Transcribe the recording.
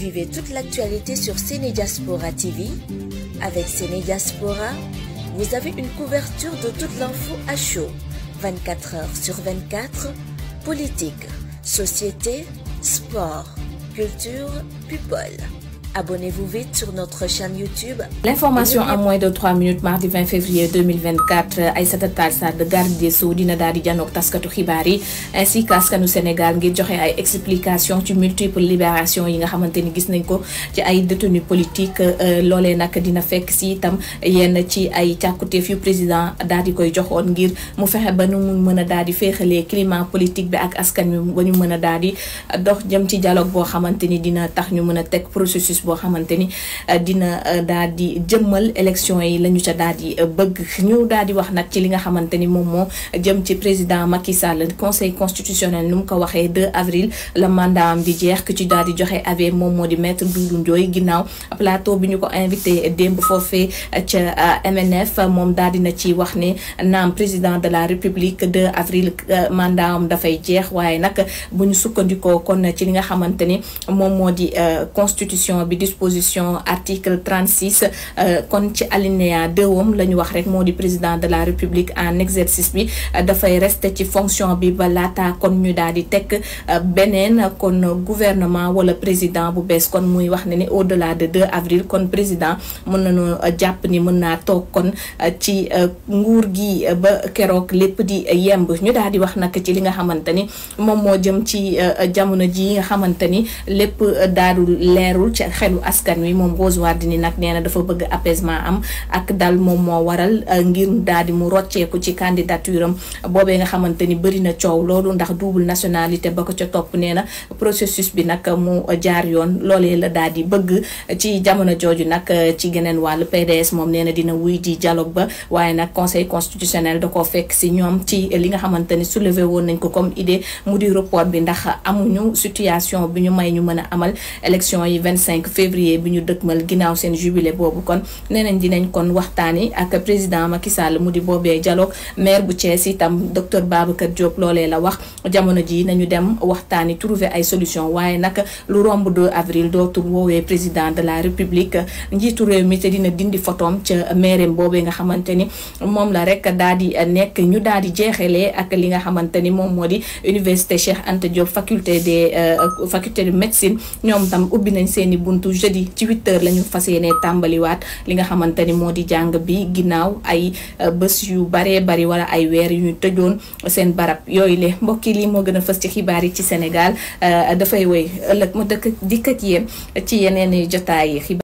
Vivez toute l'actualité sur Sénédiaspora TV. Avec Sénédiaspora, vous avez une couverture de toute l'info à chaud, 24 heures sur 24, politique, société, sport, culture, people. Abonnez-vous vite sur notre chaîne YouTube. L'information en moins de 3 minutes mardi 20 février 2024 Aïssata Tall Sall garde des Sceaux dina daal di janoog taskatu xibaar yi ainsi Sénégal ngir joxe ay explication ci multiple libération yi nga xamante ni gis nañ ko ci ay détenus politiques euh, loolee nag dina fekk si tam yenn ci ay càkkuteef président daal di koy joxone ngir mu fexé ba nu mu mën a climat politique bi ak askan wi ba ñu mën di dox jëm ci dialogue bo xamanteni dina tax ñu mën tek processus processus boo euh, dina euh, daal di jëmmal élection yi lañu ca daal di euh, bëgg ñu daal di wax nag ci li nga jëm ci président Macky Sall conseil constitutionnel nu mu ko avril la mandat am que tu ku ci daal di joxe avis moom moo di maître Doudou Ndoye ginnaaw plateau bi ñu ko invité démb foofee ca MNF moom daal dina ci wax ne naam président de la république 2 avril mandat am dafay jeex waaye nag bu ñu sukkandikoo kon ci li nga xamante ni di constitution bi disposition article 36 euh, kon ci alinéa 2, le ñu wax rek modi président de la république en exercice bi euh, fay rester ci fonction bi ba lata kon ñu daal di teg euh, beneen kon gouvernement wala président bu bees kon muy wax ni au delà de 2 avril kon président mën nañu japp ni mën naa toog kon ci nguur gi ba kérok lepp di yemb ñu daal di wax nak ci li nga xamanteni mom mo jëm ci jamono ji nga xamanteni lepp lérul ci xelu askan wi moom Rose Wardini nag nee na dafa bëgg apaisement am ak dal moom moo waral euh, ngir daal di mu rocceeku ci candidature am boobee nga xamante ni bëri na coow loolu ndax duubul nationalité ba ko ca topp nee na processus bi nag mu jaar yoon loolee la daal di bëgg ci jamono jooju nag euh, ci geneen wàll PDS moom nee na dina wuy di dialogue ba waaye nag conseil constitutionnel da ko fekk si ñoom ci li nga xamante ni soulevé woon nañ ko comme idée mu di report bi ndax amuñu situation bi ñu may mën a amal élection février bi ñu dëkkmal ginnaaw seen jubilé boobu kon nee dinañ kon waxtaani ak président Macky Sall mu di boobee dialogue maire bu Thiès itam docteur Babacar Diop loolee la wax jamono ji nañu dem waxtaani trouver ay solution waaye nag lu romb 2 avril dootul woowee président de la république njiitu réew mi te dina dindi fotoom ca maireem boobee nga xamante ni moom la rek daa di nekk ñu daal di jeexalee ak li nga xamante ni moom moo di université Cheikh Anta Diop faculté des euh, doxantu jeudi ci huit heures la ñu fas yéene tàmbaliwaat li nga xamante ni moo di jàng bi ginnaaw ay euh, bés yu baree bari wala ay weer yu ñu tëjoon seen barab yooyu le mbokki lii moo gën a fës ci xibaar yi ci Sénégal euh, dafay woy ëllëg ma dëkk dikkat yéen ci yeneen jotaay yi